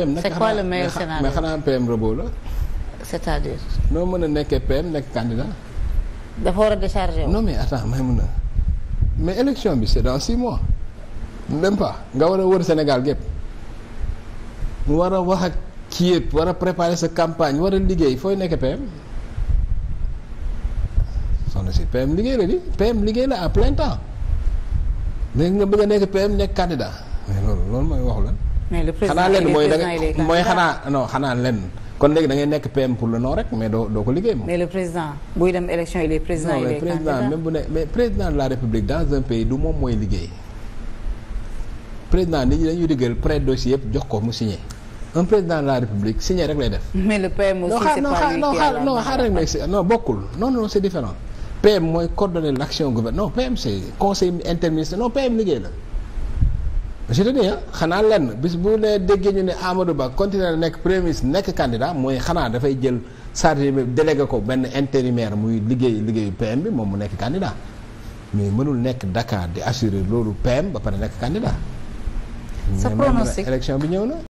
PM nag c'est quoi le meilleur scénario mais xanaa PM robot la. cest noo mën a nekkee PM nekk candidat. dafa war a décharger non mais attends may mun a mais élection bi c'est dans six mois. même pas nga war a wër Sénégal gépp mu war a wax ak kii yëpp war a préparer sa campagne war a liggéey fooy nekk PM. soxna si PM liggéey la di PM liggéey la à plein temps nga bëgg a nekk PM nekk candidat loolu loolu mooy waxu lan. mais le président xanaa lenn mooy da mooy xanaa non xanaa lenn. kon léegi da ngay nekk PM pour le non rek mais doo doo ko liggéey moom. mais le président buy dem élection il est président il est candidat même bu ne mais président la république dans un pays mooy liggéey président nit ñi dañuy liggéeyal près dossier yëpp jox ko mu signé un président la république signé rek lay def. mais le PM aussi c'est pas lui qui a la non xaar rek mais non bokkul non non c'est différent PM mooy coordonner l'action gouvernement non PM c'est conseil liggéey la. je te xanaa lenn bis bu ne déggee ñu ne Amadou Ba continuer nekk premier nekk candidat mooy xanaa dafay jël chargé yi ko benn intérimaire muy liggéey liggéeyu PM bi moom mu nekk candidat mais mënul nekk Dakar di assurer loolu PM ba pare nekk candidat. sa pronostic bi ñëw na.